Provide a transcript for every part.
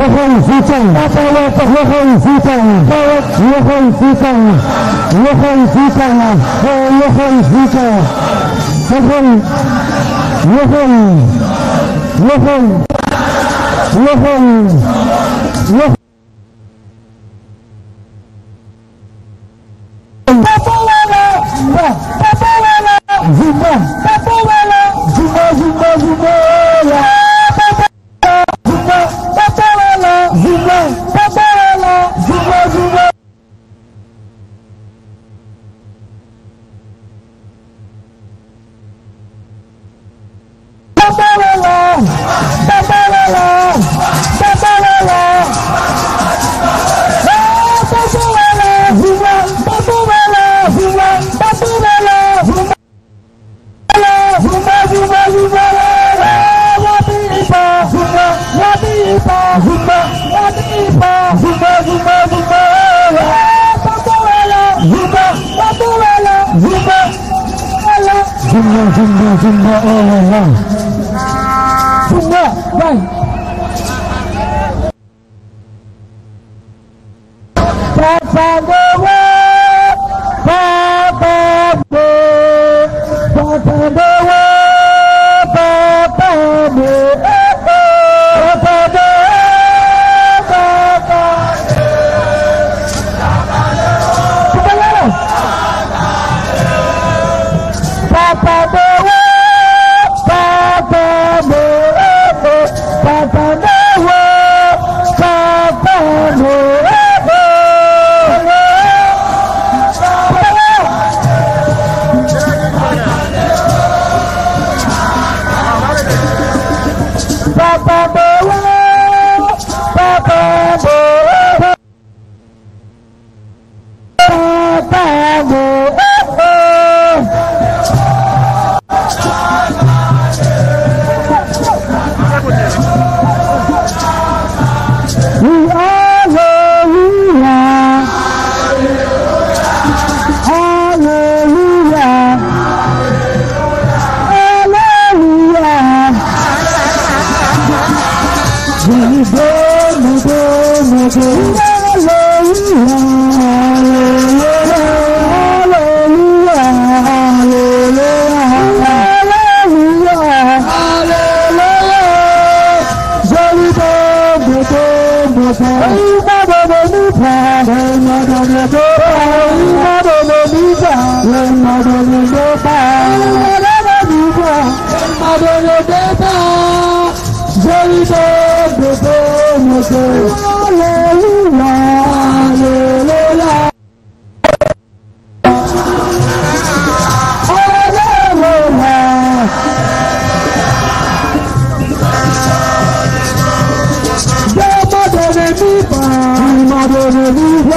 waxoon fiitan waxoon fiitan waxoon fiitan waxoon fiitan waxoon fiitan waxoon waxoon waxoon waxoon waxoon zumba zumba zumba all oh, around. Oh, oh. Zumba, bye. Hallelujah.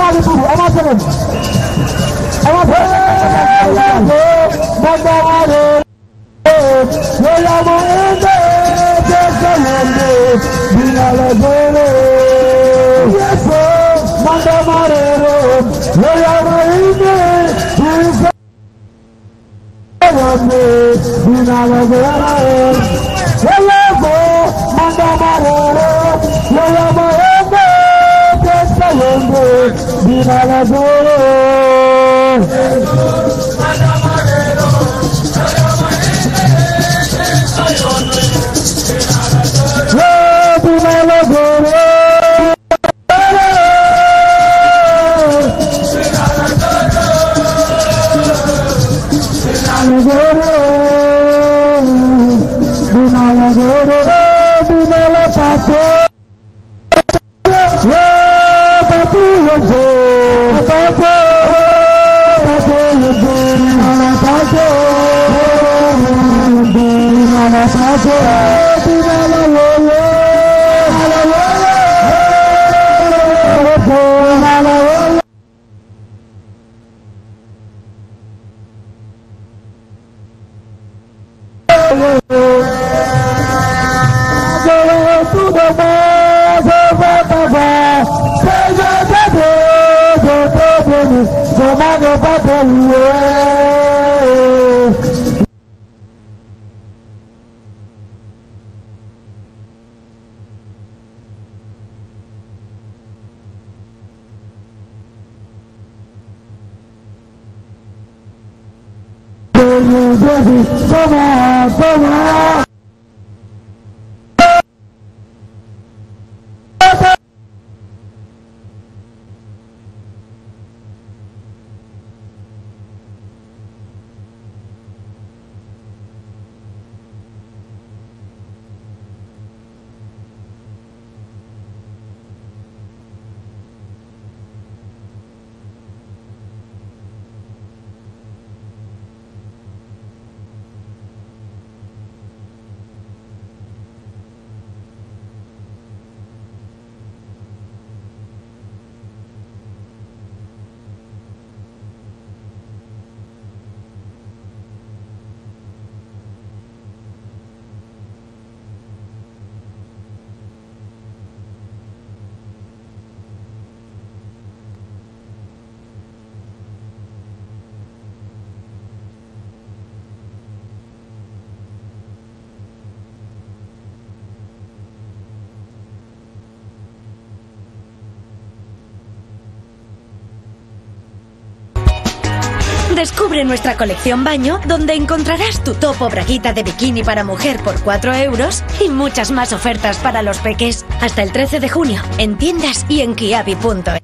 avancé tuuti avancé leen avancé Dinala Dinala dina la boole That's my baby, my Toma, toma. Descubre nuestra colección baño, donde encontrarás tu topo braguita de bikini para mujer por 4 euros y muchas más ofertas para los peques. Hasta el de junio, en tiendas y en kiabi.es.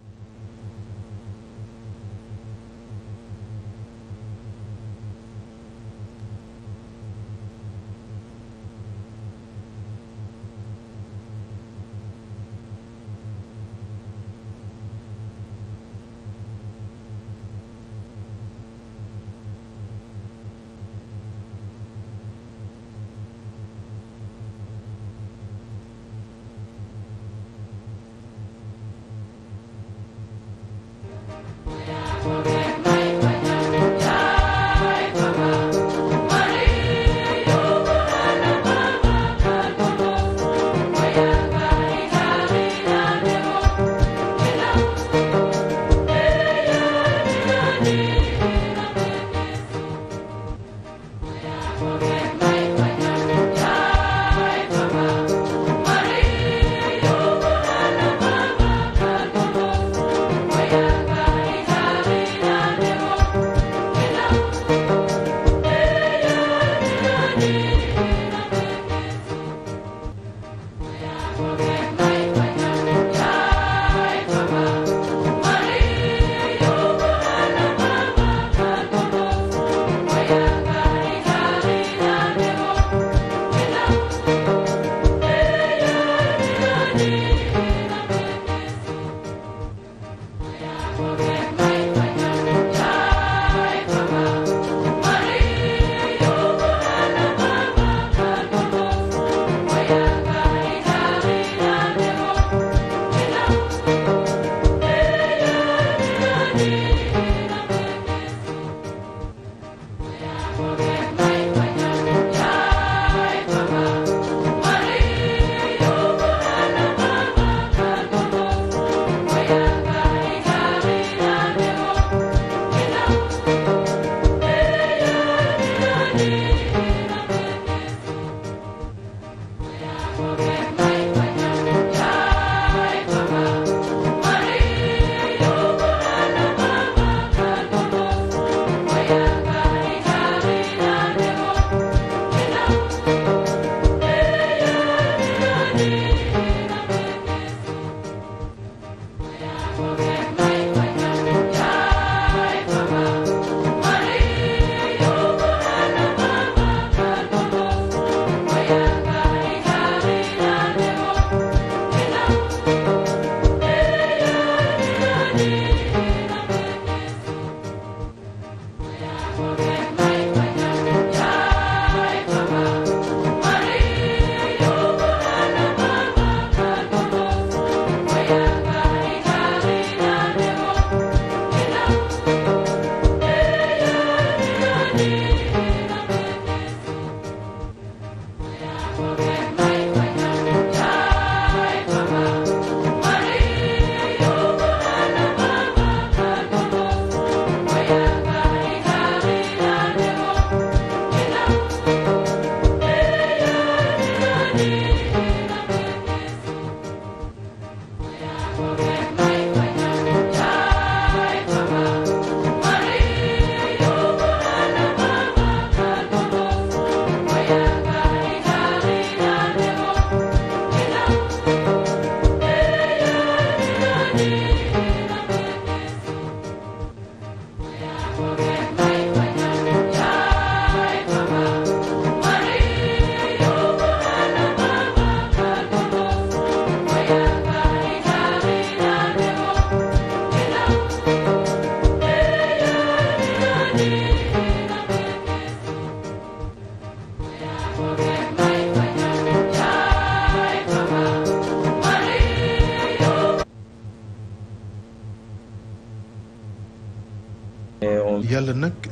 Amen.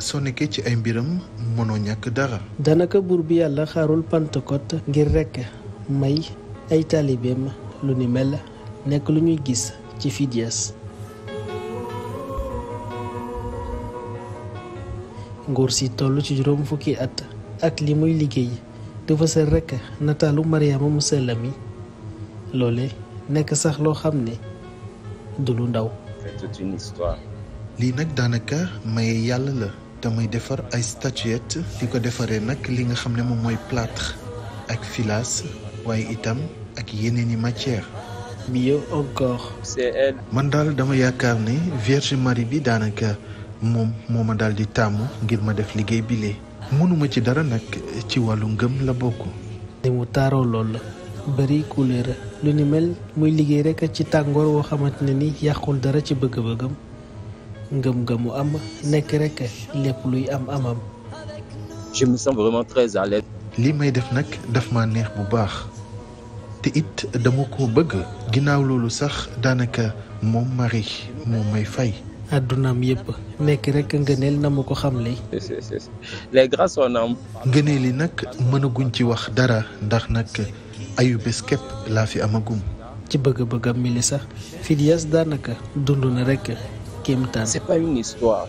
soo nekkee ci ay mbiram mënoo ñàkk dara. danaka buur bi yàlla xaarul Pentecôte ngir rekk may ay taalibeem lu ni mel nekk lu ñuy gis ci Fidias. nguur si toll ci juróom fukki at ak li muy liggéey dafa sel rekk nataalu Mariama Musalami loole nekk sax loo xam ne du lu ndaw. lii nag daanaka maye yàlla la. damay defar ay statuette di ko defaree nag li nga xam ne moom mooy plâtre ak filaas waaye itam ak yeneen i matière mieux man daal dama yaakaar ne Vierge Marie bi daanaka moom moo ma daal di tàmm ngir ma def liggéey bile mënuma ci dara nag ci wàllu ngëm la bokk. ni mu taaroo lool la. bëri couleur lu ni mel muy liggéey rek ci tàngoor woo xamante ne ni yàqul dara ci bëgg-bëggam. ngëm mu am nekk rek lépp luy am amam. je me sens vraiment li may def nag daf ma neex bu baax te it dama ko bëgg ginnaaw loolu sax daanaka moom mari moom may fay. addunaam yëpp nekk rek ngëneel na mu ko xamle. les grâces on ngëneel yi nag mënaguñ ci wax dara ndax nag ayu bés képp laa fi amagum. ci bëgg-bëggam mi li daanaka dund na rek kéemtaan. c'est pas une histoire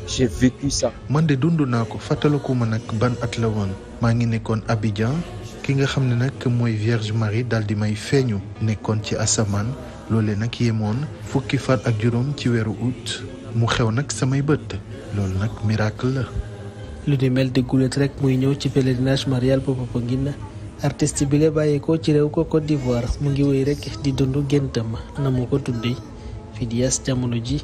man de dund naa ko fàttaliku ma nag ban at la woon maa ngi nekkoon Abidjan ki nga xam ne nag mooy Vierge Marie daal di may feeñu nekkoon ci asamaan loole nag yemoon fukki fan ak juróom ci weeru août mu xew nag samay bët loolu nag miracle la. lu di mel di gulet rek muy ñëw ci pèlerinage marial bu Popenguine artiste bi la bàyyeekoo ci rew ko Côte d'Ivoire mu ngi wéy rek di dund géntam na mu ko tuddee Fidias jamono ji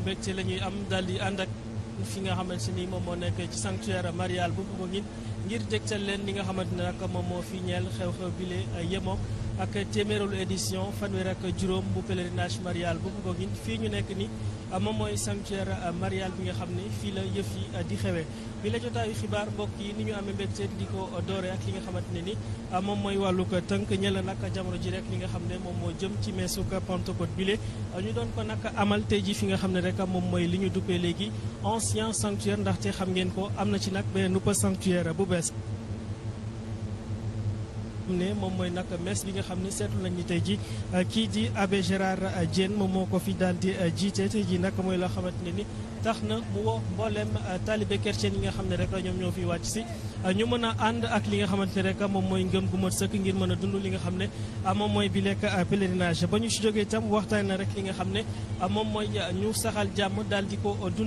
mbégte la ñuy am daal di ànd ak fi nga si ni moom moo nekk ci sanctuaire marial bu Popenguine ngir dégtal leen li nga xamante ne nag moom moo fi ñel xew-xew ay yemoo ak téeméeralu édition fanweer ak juróom bu pèlerinage marial bu Popenguine fii ñu nekk ni moom mooy sanctuaire marial bi nga xam ne fii la yëf yi di xewe bi la jotaayu xibaar mbokk yi ni ñu amee mbégte di ko doore ak li nga xamante ne ni moom mooy wàllu ko tënk ñëla nag jamono ji rek li nga xam ne moom moo jëm ci meesuk Pentecôte bile ñu doon ko nag amal tey ji fi nga xam ne rek moom mooy li ñu duppee léegi ancien ndax te xam ngeen ko am na ci nag beneen nuppa sanctuaire bu bees ne moom mooy nag messe bi nga xam ne seetlu nañ ni tey ji euh, kii di abbé Gérard euh, Diène moom moo ko fi daal di euh, jiite tey ji nag mooy loo xamante ne ni tax na mu woo mbooleem taalibe chrétien yi nga xam ne rek ñoom ñoo fi wàcc si ñu mën a ànd ak li nga xamante ne rek moom mooy ngëm gu mat sëkk ngir mën a dund li nga xam ne moom mooy bi lekk pèlerinage ba ñu si jógee itam waxtaan na rek li nga xam ne moom mooy ñu saxal jàmm daal di ko dund